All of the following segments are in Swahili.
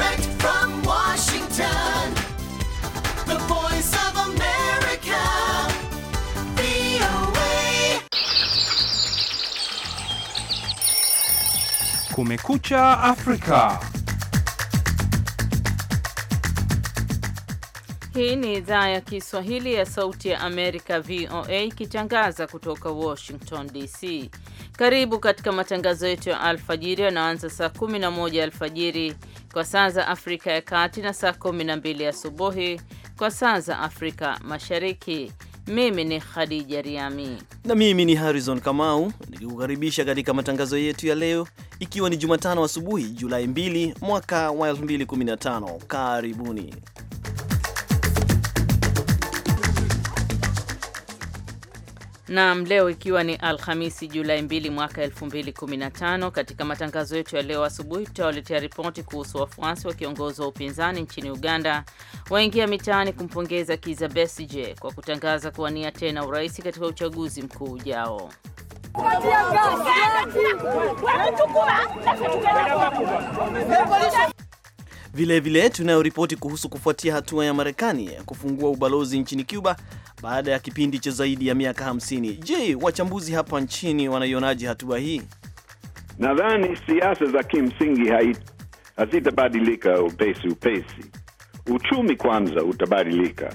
Direct from Washington, the voice of America, VOA. Kumekucha Afrika. Hii ni idhaa ya Kiswahili ya Sauti ya Amerika, VOA, ikitangaza kutoka Washington DC. Karibu katika matangazo yetu ya alfajiri yanaanza saa 11 alfajiri kwa saa za Afrika ya Kati na saa 12 asubuhi kwa saa za Afrika Mashariki. Mimi ni Khadija Riami na mimi ni Harrison Kamau nikikukaribisha katika matangazo yetu ya leo, ikiwa ni Jumatano asubuhi Julai 2 mwaka wa 2015. Karibuni. Naam, leo ikiwa ni Alhamisi Julai 2 mwaka 2015, katika matangazo yetu ya leo asubuhi tutawaletea ripoti kuhusu wafuasi wa kiongozi wa upinzani nchini Uganda waingia mitaani kumpongeza Kizza Besigye kwa kutangaza kuwania tena urais katika uchaguzi mkuu ujao. Vilevile tunayo ripoti kuhusu kufuatia hatua ya Marekani ya kufungua ubalozi nchini Cuba baada ya kipindi cha zaidi ya miaka hamsini. Je, wachambuzi hapa nchini wanaionaje hatua hii? Nadhani siasa za kimsingi hazitabadilika upesi upesi. Uchumi kwanza utabadilika,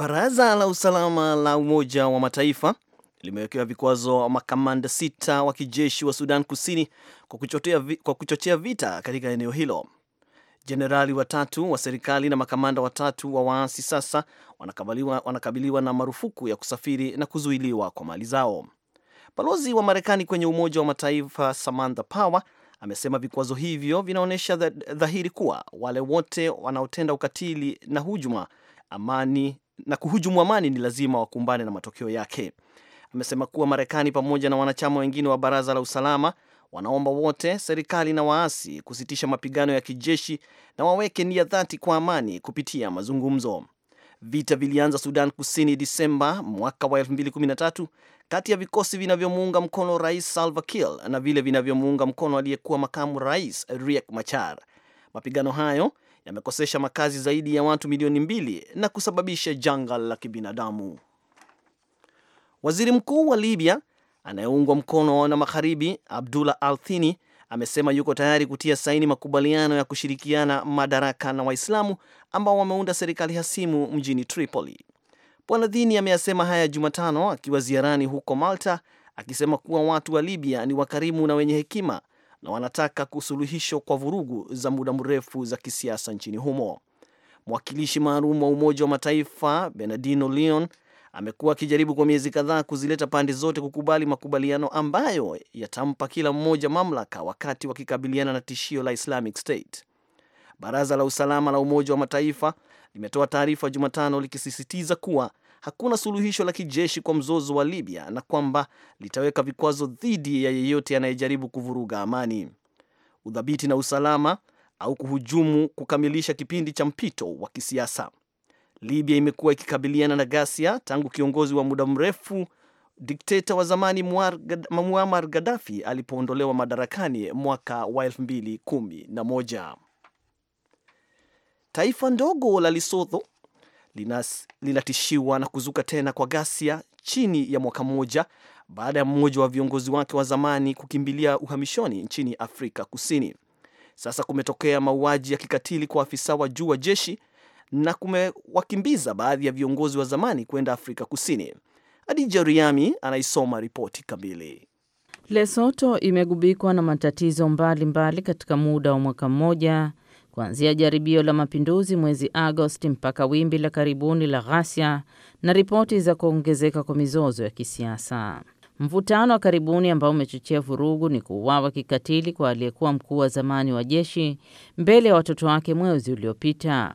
Baraza la usalama la Umoja wa Mataifa limewekewa vikwazo makamanda sita wa kijeshi wa Sudan Kusini kwa kuchochea, kwa kuchochea vita katika eneo hilo. Jenerali watatu wa serikali na makamanda watatu wa waasi sasa wanakabiliwa, wanakabiliwa na marufuku ya kusafiri na kuzuiliwa kwa mali zao. Balozi wa Marekani kwenye Umoja wa Mataifa Samantha Power amesema vikwazo hivyo vinaonyesha dhahiri kuwa wale wote wanaotenda ukatili na hujuma amani na kuhujumu amani ni lazima wakumbane na matokeo yake. Amesema kuwa Marekani pamoja na wanachama wengine wa Baraza la Usalama wanaomba wote, serikali na waasi, kusitisha mapigano ya kijeshi na waweke nia dhati kwa amani kupitia mazungumzo. Vita vilianza Sudan Kusini Disemba mwaka wa 2013 kati ya vikosi vinavyomuunga mkono Rais Salva Kiir na vile vinavyomuunga mkono aliyekuwa makamu rais Riek Machar. Mapigano hayo yamekosesha makazi zaidi ya watu milioni mbili na kusababisha janga la kibinadamu. Waziri mkuu wa Libya anayeungwa mkono na magharibi Abdullah Althini amesema yuko tayari kutia saini makubaliano ya kushirikiana madaraka na Waislamu ambao wameunda serikali hasimu mjini Tripoli. Bwana Dhini ameyasema haya Jumatano akiwa ziarani huko Malta, akisema kuwa watu wa Libya ni wakarimu na wenye hekima na wanataka kusuluhisho kwa vurugu za muda mrefu za kisiasa nchini humo. Mwakilishi maalum wa Umoja wa Mataifa Bernardino Leon amekuwa akijaribu kwa miezi kadhaa kuzileta pande zote kukubali makubaliano ambayo yatampa kila mmoja mamlaka wakati wakikabiliana na tishio la Islamic State. Baraza la Usalama la Umoja wa Mataifa limetoa taarifa Jumatano likisisitiza kuwa hakuna suluhisho la kijeshi kwa mzozo wa Libya na kwamba litaweka vikwazo dhidi ya yeyote anayejaribu kuvuruga amani, udhabiti na usalama au kuhujumu kukamilisha kipindi cha mpito wa kisiasa. Libya imekuwa ikikabiliana na ghasia tangu kiongozi wa muda mrefu dikteta wa zamani Muammar Gaddafi alipoondolewa madarakani mwaka wa moja Taifa ndogo la Lesotho linatishiwa na kuzuka tena kwa ghasia chini ya mwaka mmoja baada ya mmoja wa viongozi wake wa zamani kukimbilia uhamishoni nchini Afrika Kusini. Sasa kumetokea mauaji ya kikatili kwa afisa wa juu wa jeshi na kumewakimbiza baadhi ya viongozi wa zamani kwenda Afrika Kusini. Adija Riami anaisoma ripoti kamili. Lesoto imegubikwa na matatizo mbalimbali mbali katika muda wa mwaka mmoja kuanzia jaribio la mapinduzi mwezi Agosti mpaka wimbi la karibuni la ghasia na ripoti za kuongezeka kwa mizozo ya kisiasa. Mvutano wa karibuni ambao umechochea vurugu ni kuuawa kikatili kwa aliyekuwa mkuu wa zamani wa jeshi mbele ya watoto wake mwezi uliopita,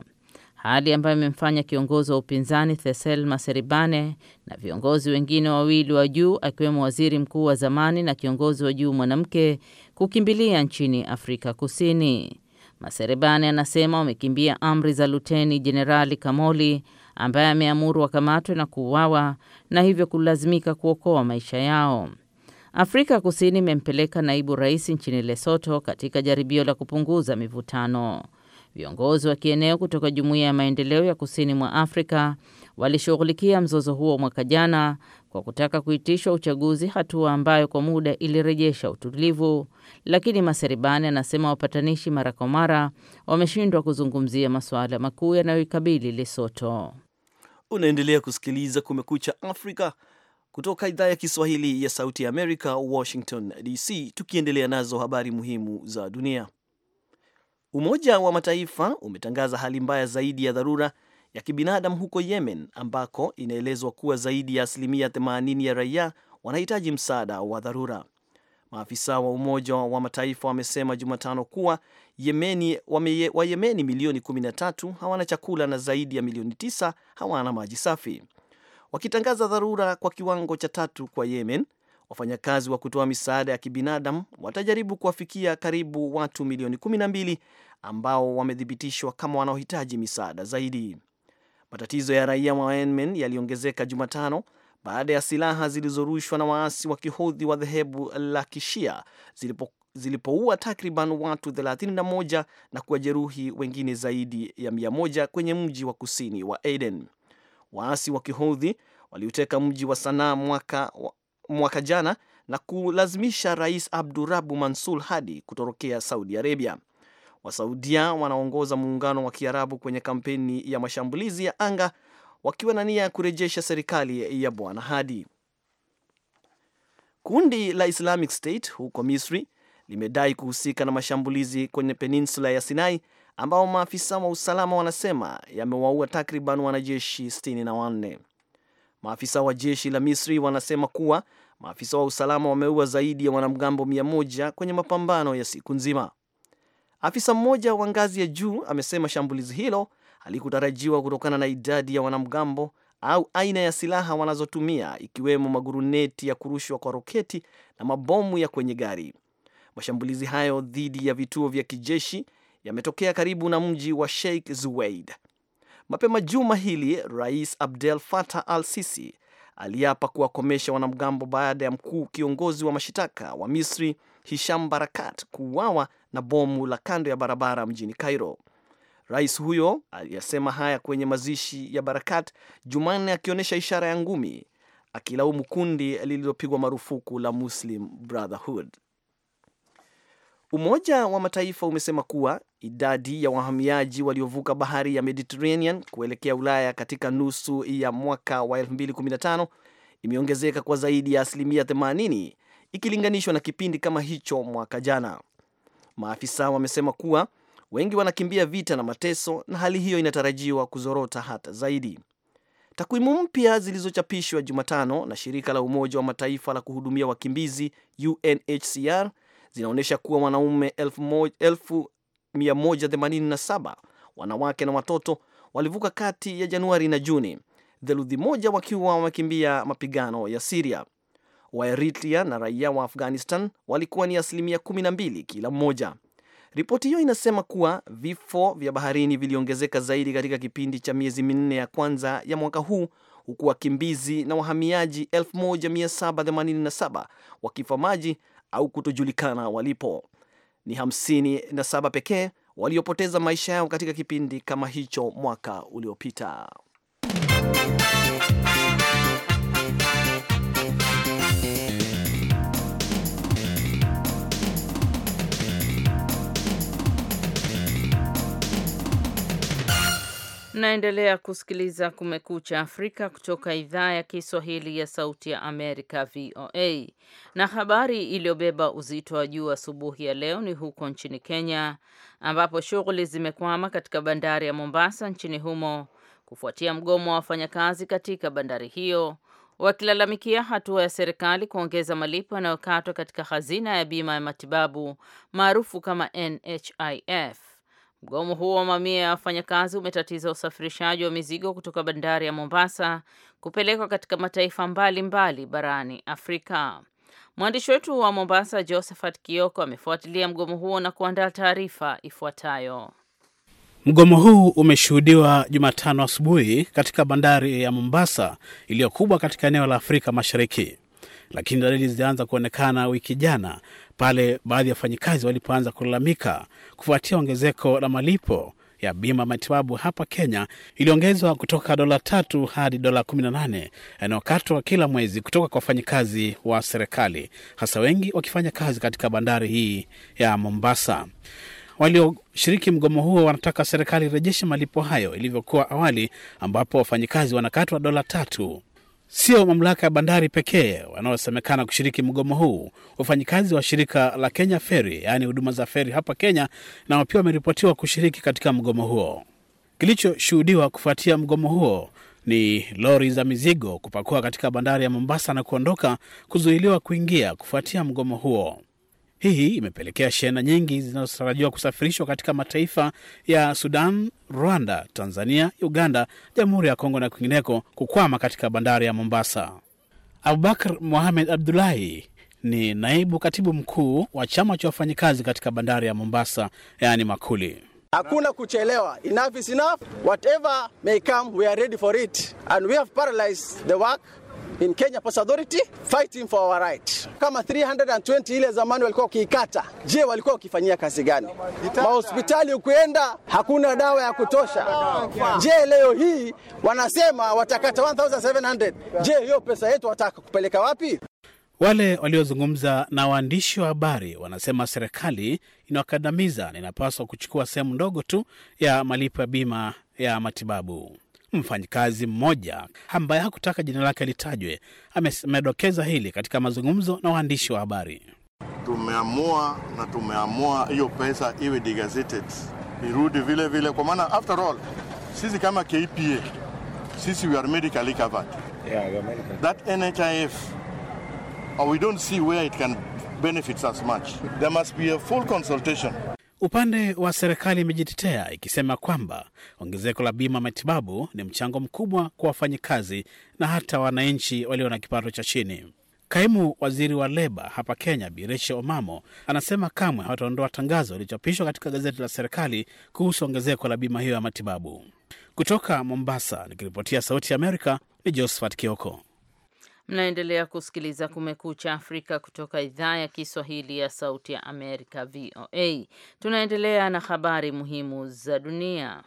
hali ambayo imemfanya kiongozi wa upinzani thesel maseribane na viongozi wengine wawili wa juu akiwemo waziri mkuu wa zamani na kiongozi wa juu mwanamke kukimbilia nchini Afrika Kusini. Maserebani anasema wamekimbia amri za Luteni Jenerali Kamoli ambaye ameamuru wakamatwe na kuuawa na hivyo kulazimika kuokoa maisha yao. Afrika Kusini imempeleka naibu rais nchini lesoto katika jaribio la kupunguza mivutano. Viongozi wa kieneo kutoka Jumuiya ya Maendeleo ya Kusini mwa Afrika walishughulikia mzozo huo mwaka jana kwa kutaka kuitishwa uchaguzi, hatua ambayo kwa muda ilirejesha utulivu, lakini Maseribani anasema wapatanishi mara kwa mara wameshindwa kuzungumzia masuala makuu yanayoikabili Lesoto. Unaendelea kusikiliza Kumekucha Afrika kutoka idhaa ya Kiswahili ya Sauti ya Amerika, Washington DC, tukiendelea nazo habari muhimu za dunia. Umoja wa Mataifa umetangaza hali mbaya zaidi ya dharura ya kibinadamu huko Yemen ambako inaelezwa kuwa zaidi ya asilimia 80 ya raia wanahitaji msaada wa dharura. Maafisa wa Umoja wa Mataifa wamesema Jumatano kuwa Yemeni, wa Yemeni milioni 13 hawana chakula na zaidi ya milioni 9 hawana maji safi, wakitangaza dharura kwa kiwango cha tatu kwa Yemen. Wafanyakazi wa kutoa misaada ya kibinadamu watajaribu kuwafikia karibu watu milioni 12 ambao wamethibitishwa kama wanaohitaji misaada zaidi. Matatizo ya raia wa Yemen yaliongezeka Jumatano baada ya silaha zilizorushwa na waasi wa kihodhi wa dhehebu la kishia zilipo zilipoua takriban watu 31 na kuwajeruhi wengine zaidi ya 100 kwenye mji wa kusini wa Aden. Waasi wa kihodhi waliuteka mji wa Sanaa mwaka, mwaka jana na kulazimisha Rais Abdurabu Mansur Hadi kutorokea Saudi Arabia. Wasaudia wanaongoza muungano wa Kiarabu kwenye kampeni ya mashambulizi ya anga wakiwa na nia ya kurejesha serikali ya Bwana Hadi. Kundi la Islamic State huko Misri limedai kuhusika na mashambulizi kwenye peninsula ya Sinai ambao maafisa wa usalama wanasema yamewaua takriban wanajeshi sitini na wanne. Maafisa wa jeshi la Misri wanasema kuwa maafisa wa usalama wameua zaidi ya wanamgambo mia moja kwenye mapambano ya siku nzima. Afisa mmoja wa ngazi ya juu amesema shambulizi hilo halikutarajiwa kutokana na idadi ya wanamgambo au aina ya silaha wanazotumia ikiwemo maguruneti ya kurushwa kwa roketi na mabomu ya kwenye gari. Mashambulizi hayo dhidi ya vituo vya kijeshi yametokea karibu na mji wa Sheikh Zuweid. Mapema juma hili, Rais Abdel Fattah al-Sisi aliapa kuwakomesha wanamgambo baada ya mkuu kiongozi wa mashitaka wa Misri Hisham Barakat kuuawa na bomu la kando ya barabara mjini Cairo. Rais huyo aliyasema haya kwenye mazishi ya Barakat Jumanne, akionyesha ishara ya ngumi, akilaumu kundi lililopigwa marufuku la Muslim Brotherhood. Umoja wa Mataifa umesema kuwa idadi ya wahamiaji waliovuka bahari ya Mediterranean kuelekea Ulaya katika nusu ya mwaka wa 2015 imeongezeka kwa zaidi ya asilimia 80 ikilinganishwa na kipindi kama hicho mwaka jana. Maafisa wamesema kuwa wengi wanakimbia vita na mateso, na hali hiyo inatarajiwa kuzorota hata zaidi. Takwimu mpya zilizochapishwa Jumatano na shirika la Umoja wa Mataifa la kuhudumia wakimbizi UNHCR zinaonyesha kuwa wanaume 1187 wanawake na watoto walivuka kati ya Januari na Juni, theluthi moja wakiwa wamekimbia mapigano ya Siria. Waeritrea na raia wa Afghanistan walikuwa ni asilimia 12 kila mmoja. Ripoti hiyo inasema kuwa vifo vya baharini viliongezeka zaidi katika kipindi cha miezi minne ya kwanza ya mwaka huu huku wakimbizi na wahamiaji 1787 wakifa maji au kutojulikana walipo. Ni 57 pekee waliopoteza maisha yao katika kipindi kama hicho mwaka uliopita. Mnaendelea kusikiliza Kumekucha Afrika kutoka idhaa ya Kiswahili ya Sauti ya Amerika, VOA. Na habari iliyobeba uzito wa juu asubuhi ya leo ni huko nchini Kenya, ambapo shughuli zimekwama katika bandari ya Mombasa nchini humo kufuatia mgomo wa wafanyakazi katika bandari hiyo, wakilalamikia hatua ya serikali kuongeza malipo yanayokatwa katika hazina ya bima ya matibabu maarufu kama NHIF. Mgomo huo wa mamia ya wafanyakazi umetatiza usafirishaji wa mizigo kutoka bandari ya Mombasa kupelekwa katika mataifa mbalimbali mbali barani Afrika. Mwandishi wetu wa Mombasa Josephat Kioko amefuatilia mgomo huo na kuandaa taarifa ifuatayo. Mgomo huu umeshuhudiwa Jumatano asubuhi katika bandari ya Mombasa iliyokubwa katika eneo la Afrika Mashariki lakini dalili zilianza kuonekana wiki jana pale baadhi ya wafanyikazi walipoanza kulalamika kufuatia ongezeko la malipo ya bima matibabu hapa Kenya iliongezwa kutoka dola tatu hadi dola kumi na nane yanayokatwa kila mwezi kutoka kwa wafanyikazi wa serikali, hasa wengi wakifanya kazi katika bandari hii ya Mombasa. Walioshiriki mgomo huo wanataka serikali irejeshe malipo hayo ilivyokuwa awali, ambapo wafanyikazi wanakatwa dola tatu Sio mamlaka ya bandari pekee wanaosemekana kushiriki mgomo huu. Wafanyikazi wa shirika la Kenya feri yaani huduma za feri hapa Kenya, nao pia wameripotiwa kushiriki katika mgomo huo. Kilichoshuhudiwa kufuatia mgomo huo ni lori za mizigo kupakua katika bandari ya Mombasa na kuondoka kuzuiliwa kuingia kufuatia mgomo huo. Hii imepelekea shehena nyingi zinazotarajiwa kusafirishwa katika mataifa ya Sudan, Rwanda, Tanzania, Uganda, Jamhuri ya Kongo na kwingineko kukwama katika bandari ya Mombasa. Abubakar Mohamed Abdulahi ni naibu katibu mkuu wa chama cha wafanyikazi katika bandari ya Mombasa, yaani Makuli. Hakuna kuchelewa. Enough is enough. Whatever may come, we are ready for it. And we have paralyzed the work in Kenya Ports Authority fighting for our right. Kama 320 ile zamani walikuwa wakiikata, je, walikuwa wakifanyia kazi gani? Mahospitali ukienda hakuna dawa ya kutosha. Je, leo hii wanasema watakata 1700. Je, hiyo pesa yetu wataka kupeleka wapi? Wale waliozungumza na waandishi wa habari wanasema serikali inawakandamiza na inapaswa kuchukua sehemu ndogo tu ya malipo ya bima ya matibabu. Mfanyikazi mmoja ambaye hakutaka jina lake litajwe amedokeza hili katika mazungumzo na waandishi wa habari. Tumeamua na tumeamua hiyo pesa iwe degazeted irudi vile vile, kwa maana after all sisi kama KPA sisi we are medically covered. Yeah, That NHIF uh, we don't see where it can us much. There must be a full consultation Upande wa serikali imejitetea ikisema kwamba ongezeko la bima matibabu ni mchango mkubwa kwa wafanyikazi na hata wananchi walio na kipato cha chini. Kaimu waziri wa leba hapa Kenya, Bireshe Omamo, anasema kamwe hawataondoa tangazo lililochapishwa katika gazeti la serikali kuhusu ongezeko la bima hiyo ya matibabu. Kutoka Mombasa nikiripotia Sauti ya Amerika ni Josephat Kioko. Mnaendelea kusikiliza Kumekucha Afrika kutoka idhaa ya Kiswahili ya Sauti ya Amerika, VOA. Tunaendelea na habari muhimu za dunia.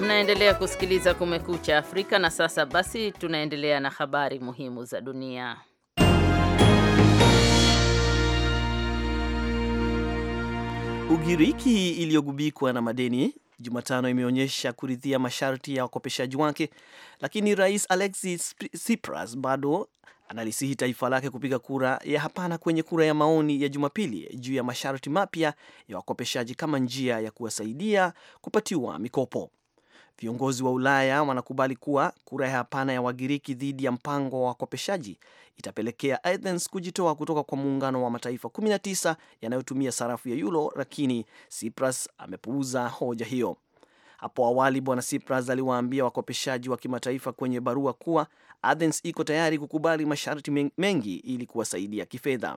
Mnaendelea kusikiliza Kumekucha Afrika na sasa basi, tunaendelea na habari muhimu za dunia. Ugiriki iliyogubikwa na madeni Jumatano imeonyesha kuridhia masharti ya wakopeshaji wake, lakini rais Alexis Tsipras bado analisihi taifa lake kupiga kura ya hapana kwenye kura ya maoni ya Jumapili juu ya masharti mapya ya wakopeshaji kama njia ya kuwasaidia kupatiwa mikopo. Viongozi wa Ulaya wanakubali kuwa kura ya hapana ya Wagiriki dhidi ya mpango wa wakopeshaji itapelekea Athens kujitoa kutoka kwa muungano wa mataifa 19 yanayotumia sarafu ya yulo, lakini Tsipras amepuuza hoja hiyo. Hapo awali Bwana Tsipras aliwaambia wakopeshaji wa kimataifa kwenye barua kuwa Athens iko tayari kukubali masharti mengi ili kuwasaidia kifedha.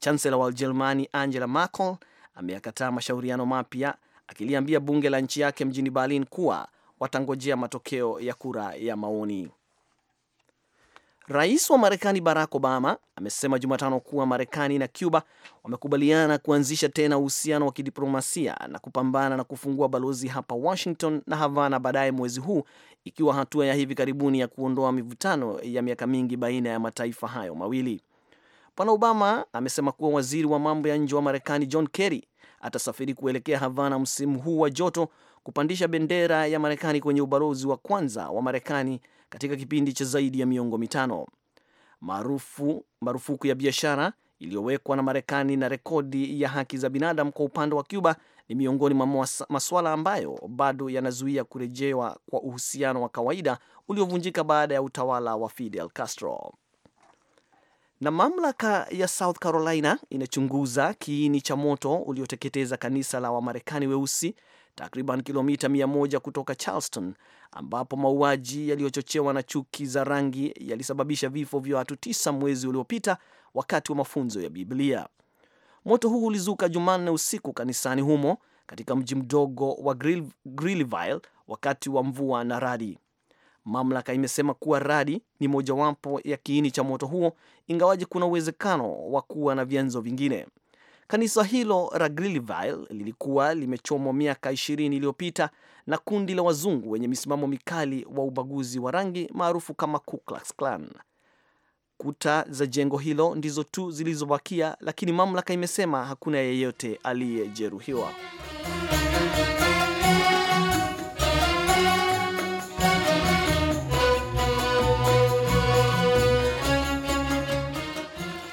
Chancellor wa Ujerumani Angela Merkel ameyakataa mashauriano mapya akiliambia bunge la nchi yake mjini Berlin kuwa watangojea matokeo ya kura ya maoni. Rais wa Marekani Barack Obama amesema Jumatano kuwa Marekani na Cuba wamekubaliana kuanzisha tena uhusiano wa kidiplomasia na kupambana na kufungua balozi hapa Washington na Havana baadaye mwezi huu, ikiwa hatua ya hivi karibuni ya kuondoa mivutano ya miaka mingi baina ya mataifa hayo mawili. Bwana Obama amesema kuwa waziri wa mambo ya nje wa Marekani John Kerry atasafiri kuelekea Havana msimu huu wa joto kupandisha bendera ya Marekani kwenye ubalozi wa kwanza wa Marekani katika kipindi cha zaidi ya miongo mitano. Marufu, marufuku ya biashara iliyowekwa na Marekani na rekodi ya haki za binadamu kwa upande wa Cuba ni miongoni mwa masuala ambayo bado yanazuia kurejewa kwa uhusiano wa kawaida uliovunjika baada ya utawala wa Fidel Castro. Na mamlaka ya South Carolina inachunguza kiini cha moto ulioteketeza kanisa la Wamarekani weusi takriban kilomita 100 kutoka Charleston, ambapo mauaji yaliyochochewa na chuki za rangi yalisababisha vifo vya watu tisa mwezi uliopita wakati wa mafunzo ya Biblia. Moto huu ulizuka Jumanne usiku kanisani humo katika mji mdogo wa Greenville wakati wa mvua na radi. Mamlaka imesema kuwa radi ni mojawapo ya kiini cha moto huo, ingawaji kuna uwezekano wa kuwa na vyanzo vingine. Kanisa hilo la Greenville lilikuwa limechomwa miaka 20 iliyopita na kundi la wazungu wenye misimamo mikali wa ubaguzi wa rangi maarufu kama Ku Klux Klan. Kuta za jengo hilo ndizo tu zilizobakia, lakini mamlaka imesema hakuna yeyote aliyejeruhiwa.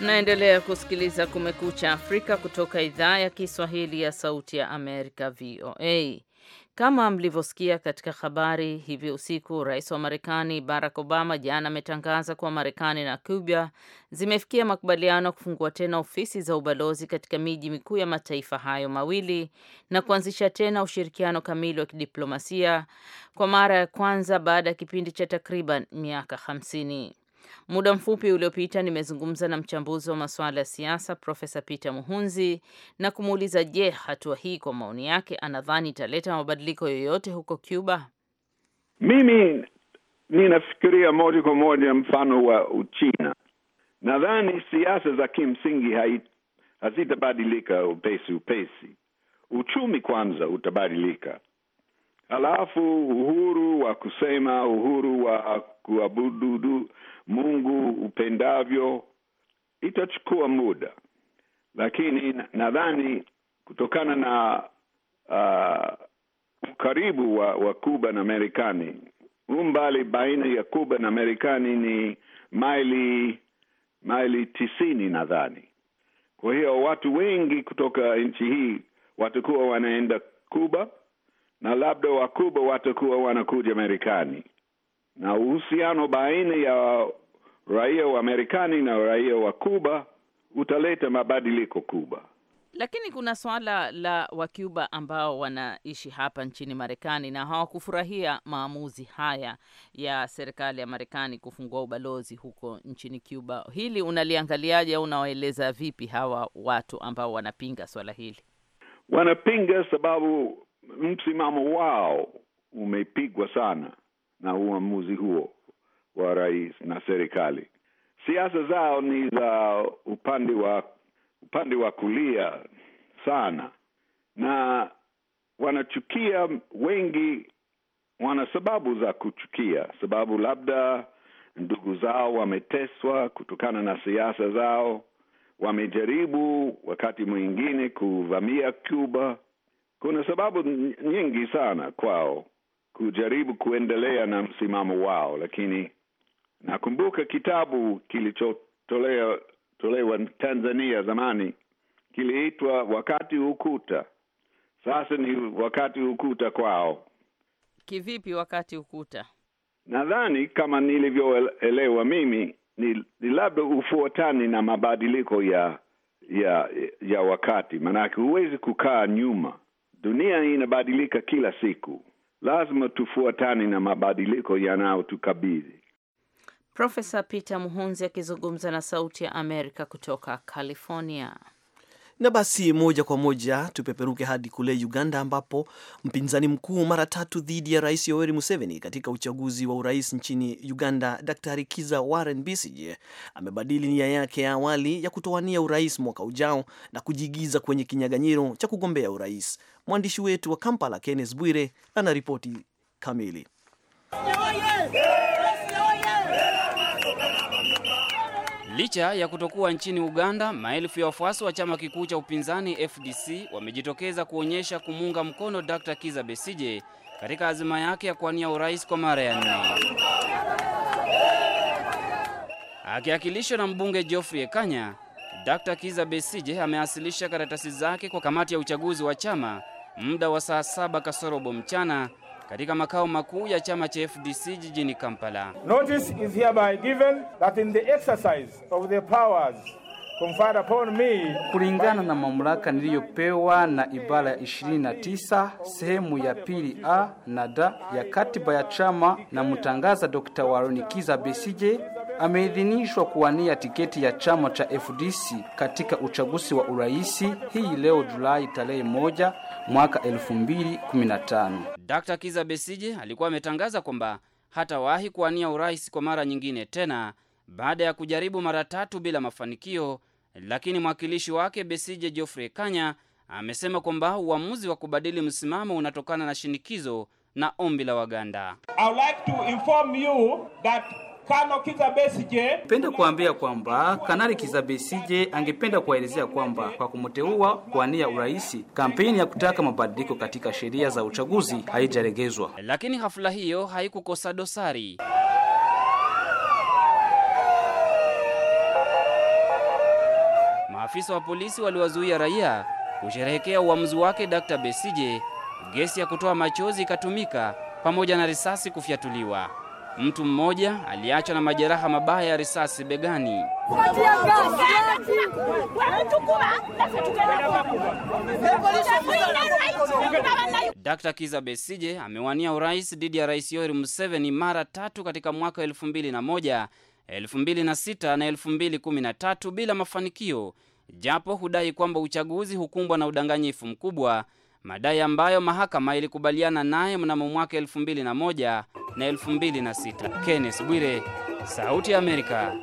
Mnaendelea kusikiliza Kumekucha Afrika kutoka idhaa ya Kiswahili ya Sauti ya Amerika, VOA. Kama mlivyosikia katika habari hivi usiku, rais wa Marekani Barack Obama jana ametangaza kuwa Marekani na Cuba zimefikia makubaliano ya kufungua tena ofisi za ubalozi katika miji mikuu ya mataifa hayo mawili na kuanzisha tena ushirikiano kamili wa kidiplomasia kwa mara ya kwanza baada ya kipindi cha takriban miaka hamsini. Muda mfupi uliopita nimezungumza na mchambuzi wa masuala ya siasa Profesa Peter Muhunzi na kumuuliza, je, hatua hii kwa maoni yake anadhani italeta mabadiliko yoyote huko Cuba? Mimi ninafikiria moja kwa moja mfano wa Uchina. Nadhani siasa za kimsingi hazitabadilika upesi upesi. Uchumi kwanza utabadilika. Alafu uhuru wa kusema, uhuru wa kuabudu Mungu upendavyo itachukua muda, lakini nadhani kutokana na uh, ukaribu wa, wa Kuba na Marekani, umbali baina ya Kuba na Marekani ni maili maili tisini nadhani. Kwa hiyo watu wengi kutoka nchi hii watakuwa wanaenda Kuba na labda wakubwa watakuwa wanakuja Marekani, na uhusiano baina ya raia wa Marekani na raia wa kuba utaleta mabadiliko kubwa. Lakini kuna swala la Wacuba ambao wanaishi hapa nchini Marekani na hawakufurahia maamuzi haya ya serikali ya Marekani kufungua ubalozi huko nchini Cuba. Hili unaliangaliaje au unawaeleza vipi hawa watu ambao wanapinga swala hili? Wanapinga sababu msimamo wao umepigwa sana na uamuzi huo wa rais na serikali. Siasa zao ni za upande wa upande wa kulia sana, na wanachukia wengi, wana sababu za kuchukia, sababu labda ndugu zao wameteswa kutokana na siasa zao. Wamejaribu wakati mwingine kuvamia Cuba kuna sababu nyingi sana kwao kujaribu kuendelea na msimamo wao, lakini nakumbuka kitabu kilichotolewa Tanzania zamani kiliitwa Wakati Ukuta. Sasa ni Wakati Ukuta kwao. Kivipi Wakati Ukuta? Nadhani kama nilivyoelewa mimi ni, ni labda ufuatani na mabadiliko ya ya ya wakati, maanake huwezi kukaa nyuma Dunia inabadilika kila siku, lazima tufuatane na mabadiliko yanayotukabili. Profesa Peter Muhunzi akizungumza na Sauti ya Amerika kutoka California. Na basi moja kwa moja tupeperuke hadi kule Uganda ambapo mpinzani mkuu mara tatu dhidi ya Rais Yoweri Museveni katika uchaguzi wa urais nchini Uganda, Daktari Kiza Warren Besigye amebadili nia yake ya awali ya kutowania urais mwaka ujao na kujiigiza kwenye kinyaganyiro cha kugombea urais. Mwandishi wetu wa Kampala Kenneth Bwire ana ripoti kamili. Licha ya kutokuwa nchini Uganda, maelfu ya wafuasi wa chama kikuu cha upinzani FDC wamejitokeza kuonyesha kumunga mkono Dr. Kiza Besije katika azima yake ya kuwania urais kwa mara ya nne. Akiakilishwa na mbunge Geoffrey Ekanya, Dr. Kiza Besije amewasilisha karatasi zake kwa kamati ya uchaguzi wa chama muda wa saa saba kasorobo mchana katika makao makuu ya chama cha FDC jijini Kampala. Notice is hereby given that in the exercise of the powers conferred upon me kulingana na mamlaka niliyopewa na ibara ya 29 sehemu ya pili A na D ya katiba ya chama na mtangaza Dr. Waronikiza Besije ameidhinishwa kuwania tiketi ya chama cha FDC katika uchaguzi wa uraisi hii leo Julai tarehe moja mwaka 2015. Dr. Kiza Besije alikuwa ametangaza kwamba hatawahi kuwania urais kwa mara nyingine tena baada ya kujaribu mara tatu bila mafanikio, lakini mwakilishi wake Besije Geoffrey Kanya amesema kwamba uamuzi wa kubadili msimamo unatokana na shinikizo na ombi la Waganda. I would like to inform you that Kano Kiza Besije. Penda kuambia kwamba Kanali Kiza Besije angependa kuwaelezea kwamba kwa kumteua kuania urais, kampeni ya kutaka mabadiliko katika sheria za uchaguzi haijaregezwa, lakini hafla hiyo haikukosa dosari. Maafisa wa polisi waliwazuia raia kusherehekea uamuzi wake Dr. Besije. Gesi ya kutoa machozi ikatumika pamoja na risasi kufyatuliwa. Mtu mmoja aliachwa na majeraha mabaya ya risasi begani. Dkt. Kiza Besije amewania urais dhidi ya Rais Yoweri Museveni mara tatu katika mwaka 2001, 2006 na elfu na tatu bila mafanikio, japo hudai kwamba uchaguzi hukumbwa na udanganyifu mkubwa, madai ambayo mahakama ilikubaliana naye mnamo mwaka 2001 na 2006. Kenneth Bwire, Sauti ya Amerika,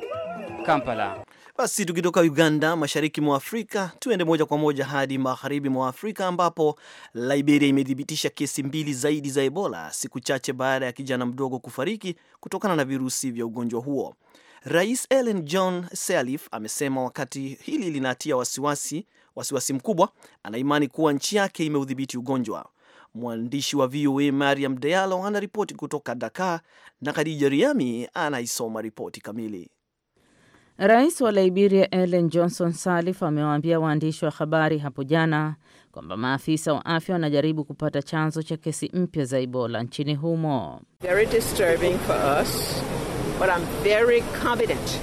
Kampala. Basi tukitoka Uganda, mashariki mwa Afrika, tuende moja kwa moja hadi magharibi mwa Afrika ambapo Liberia imethibitisha kesi mbili zaidi za Ebola siku chache baada ya kijana mdogo kufariki kutokana na virusi vya ugonjwa huo. Rais Ellen John Sirleaf amesema wakati hili linatia wasiwasi wasiwasi mkubwa, anaimani kuwa nchi yake imeudhibiti ugonjwa. Mwandishi wa VOA Mariam Diallo anaripoti kutoka Dakar na Khadija Riami anaisoma ripoti kamili. Rais wa Liberia Ellen Johnson Sirleaf amewaambia waandishi wa habari hapo jana kwamba maafisa wa afya wanajaribu kupata chanzo cha kesi mpya za Ebola nchini humo. Very disturbing for us, but I'm very confident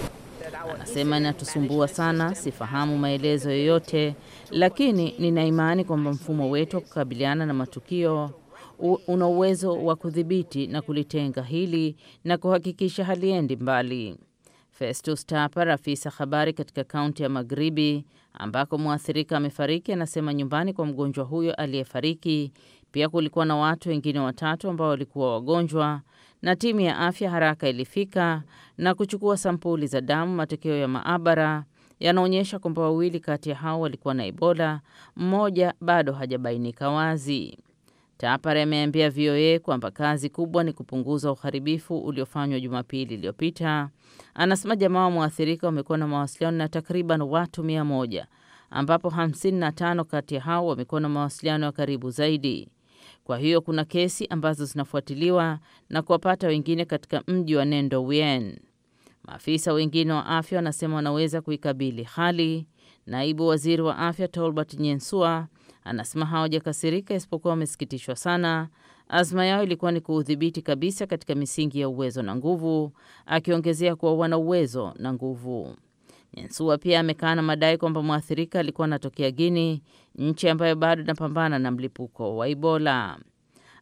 Anasema inatusumbua sana, sifahamu maelezo yoyote, lakini nina imani kwamba mfumo wetu wa kukabiliana na matukio una uwezo wa kudhibiti na kulitenga hili na kuhakikisha haliendi mbali. Festus Tapar, afisa habari katika kaunti ya Magribi ambako mwathirika amefariki, anasema nyumbani kwa mgonjwa huyo aliyefariki pia kulikuwa na watu wengine watatu ambao walikuwa wagonjwa na timu ya afya haraka ilifika na kuchukua sampuli za damu. Matokeo ya maabara yanaonyesha kwamba wawili kati ya hao walikuwa na Ebola, mmoja bado hajabainika wazi. tapare ameambia VOA kwamba kazi kubwa ni kupunguza uharibifu uliofanywa Jumapili iliyopita. Anasema jamaa wa mwathirika wamekuwa na mawasiliano na takriban watu mia moja ambapo 55 kati ya hao wamekuwa na mawasiliano ya karibu zaidi. Kwa hiyo kuna kesi ambazo zinafuatiliwa na kuwapata wengine katika mji wa nendo Wien. Maafisa wengine wa afya wanasema wanaweza kuikabili hali. Naibu waziri wa afya Tolbert Nyensua anasema hawajakasirika, isipokuwa wamesikitishwa sana. Azma yao ilikuwa ni kuudhibiti kabisa katika misingi ya uwezo na nguvu, akiongezea kuwa wana uwezo na nguvu. Nsua pia amekana madai kwamba mwathirika alikuwa anatokea guini nchi ambayo bado inapambana na mlipuko wa Ebola.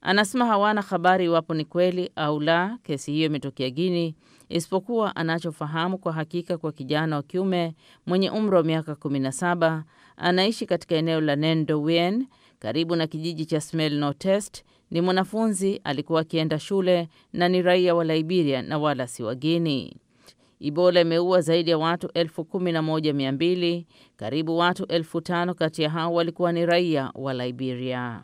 Anasema hawana habari iwapo ni kweli au la kesi hiyo imetokea guini isipokuwa anachofahamu kwa hakika kwa kijana wa kiume mwenye umri wa miaka 17 anaishi katika eneo la Nendo Wien karibu na kijiji cha Smel No Test. Ni mwanafunzi, alikuwa akienda shule na ni raia wa Liberia na wala si wa Guinea. Ibola imeua zaidi ya watu 11,200. Karibu watu 5,000 kati ya hao walikuwa ni raia wa Liberia.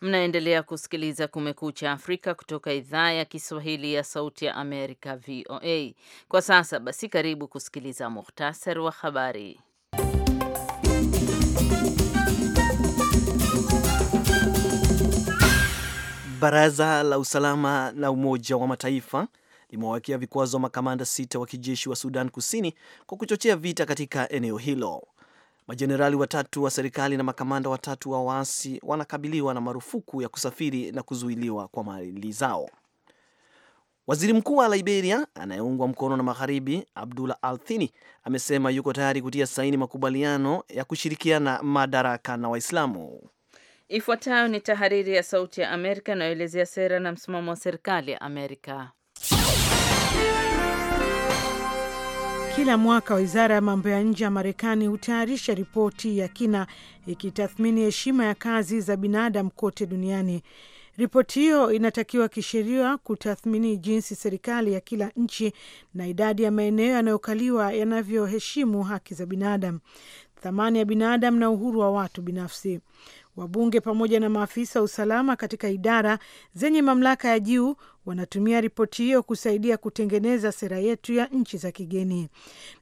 Mnaendelea kusikiliza Kumekucha Afrika kutoka idhaa ya Kiswahili ya Sauti ya Amerika, VOA. Kwa sasa basi, karibu kusikiliza muhtasari wa habari. Baraza la Usalama la Umoja wa Mataifa limewawekea vikwazo makamanda sita wa kijeshi wa Sudan Kusini kwa kuchochea vita katika eneo hilo. Majenerali watatu wa serikali na makamanda watatu wa waasi wanakabiliwa na marufuku ya kusafiri na kuzuiliwa kwa mali zao. Waziri mkuu wa Liberia anayeungwa mkono na magharibi Abdullah Althini amesema yuko tayari kutia saini makubaliano ya kushirikiana madaraka na Waislamu. Ifuatayo ni tahariri ya Sauti ya Amerika inayoelezea sera na msimamo wa serikali ya Amerika. Kila mwaka wizara ya mambo ya nje ya Marekani hutayarisha ripoti ya kina ikitathmini heshima ya kazi za binadamu kote duniani. Ripoti hiyo inatakiwa kisheria kutathmini jinsi serikali ya kila nchi na idadi ya maeneo yanayokaliwa yanavyoheshimu haki za binadamu, thamani ya binadamu na uhuru wa watu binafsi. Wabunge pamoja na maafisa wa usalama katika idara zenye mamlaka ya juu wanatumia ripoti hiyo kusaidia kutengeneza sera yetu ya nchi za kigeni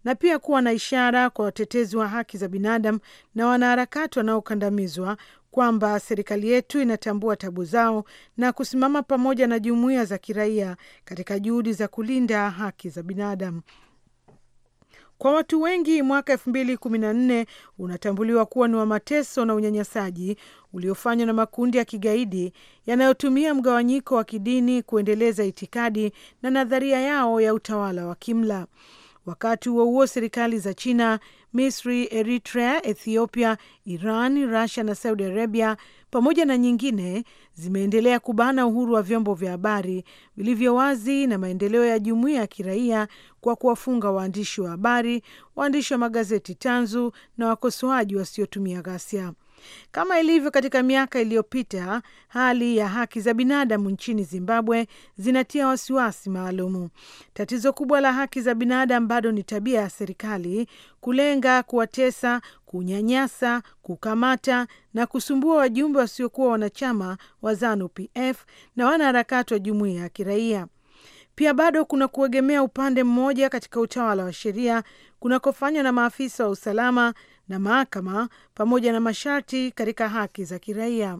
na pia kuwa na ishara kwa watetezi wa haki za binadamu na wanaharakati wanaokandamizwa kwamba serikali yetu inatambua tabu zao na kusimama pamoja na jumuiya za kiraia katika juhudi za kulinda haki za binadamu. Kwa watu wengi, mwaka nne unatambuliwa kuwa ni wa mateso na unyanyasaji uliofanywa na makundi ya kigaidi yanayotumia mgawanyiko wa kidini kuendeleza itikadi na nadharia yao ya utawala wa kimla. Wakati huo huo, serikali za China, Misri, Eritrea, Ethiopia, Iran, Rusia na Saudi Arabia pamoja na nyingine zimeendelea kubana uhuru wa vyombo vya habari vilivyo wazi na maendeleo ya jumuiya ya kiraia kwa kuwafunga waandishi wa habari, waandishi wa magazeti tanzu na wakosoaji wasiotumia ghasia. Kama ilivyo katika miaka iliyopita, hali ya haki za binadamu nchini Zimbabwe zinatia wasiwasi maalumu. Tatizo kubwa la haki za binadamu bado ni tabia ya serikali kulenga, kuwatesa, kunyanyasa, kukamata na kusumbua wajumbe wasiokuwa wanachama wa ZANU-PF na wanaharakati wa jumuiya ya kiraia. Pia bado kuna kuegemea upande mmoja katika utawala wa sheria kunakofanywa na maafisa wa usalama na mahakama pamoja na masharti katika haki za kiraia.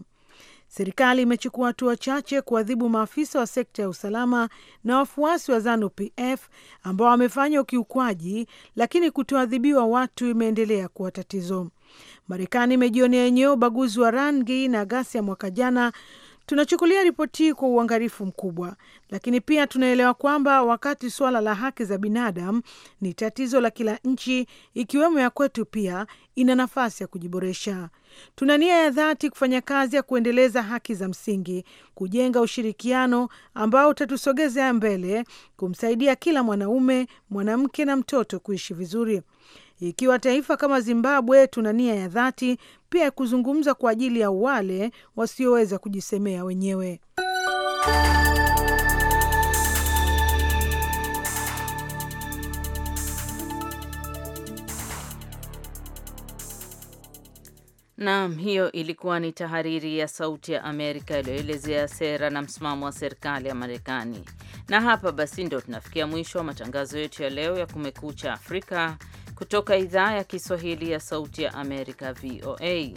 Serikali imechukua hatua chache kuadhibu maafisa wa sekta ya usalama na wafuasi wa ZANU PF ambao wamefanya ukiukwaji, lakini kutoadhibiwa watu imeendelea kuwa tatizo. Marekani imejionea yenyewe ubaguzi wa rangi na ghasia mwaka jana Tunachukulia ripoti hii kwa uangalifu mkubwa, lakini pia tunaelewa kwamba wakati suala la haki za binadamu ni tatizo la kila nchi, ikiwemo ya kwetu, pia ina nafasi ya kujiboresha. Tuna nia ya dhati kufanya kazi ya kuendeleza haki za msingi, kujenga ushirikiano ambao utatusogezea mbele, kumsaidia kila mwanaume, mwanamke na mtoto kuishi vizuri. Ikiwa taifa kama Zimbabwe tuna nia ya dhati pia ya kuzungumza kwa ajili ya wale wasioweza kujisemea wenyewe. Naam, hiyo ilikuwa ni tahariri ya Sauti ya Amerika iliyoelezea sera na msimamo wa serikali ya Marekani. Na hapa basi ndo tunafikia mwisho wa matangazo yetu ya leo ya Kumekucha Afrika kutoka idhaa ya Kiswahili ya Sauti ya Amerika, VOA.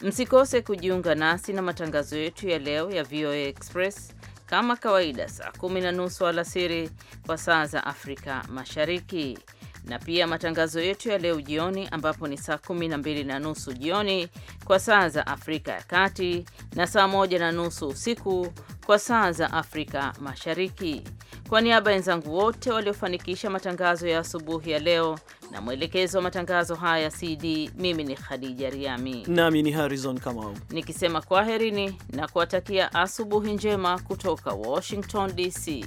Msikose kujiunga nasi na matangazo yetu ya leo ya VOA Express kama kawaida, saa kumi na nusu alasiri kwa saa za Afrika Mashariki na pia matangazo yetu ya leo jioni, ambapo ni saa kumi na mbili na nusu jioni kwa saa za Afrika ya Kati na saa moja na nusu usiku kwa saa za Afrika Mashariki. Kwa niaba ya wenzangu wote waliofanikisha matangazo ya asubuhi ya leo na mwelekezo wa matangazo haya CD, mimi ni Khadija Riami nami ni Harrison Kamau nikisema kwaherini na kuwatakia asubuhi njema kutoka Washington DC.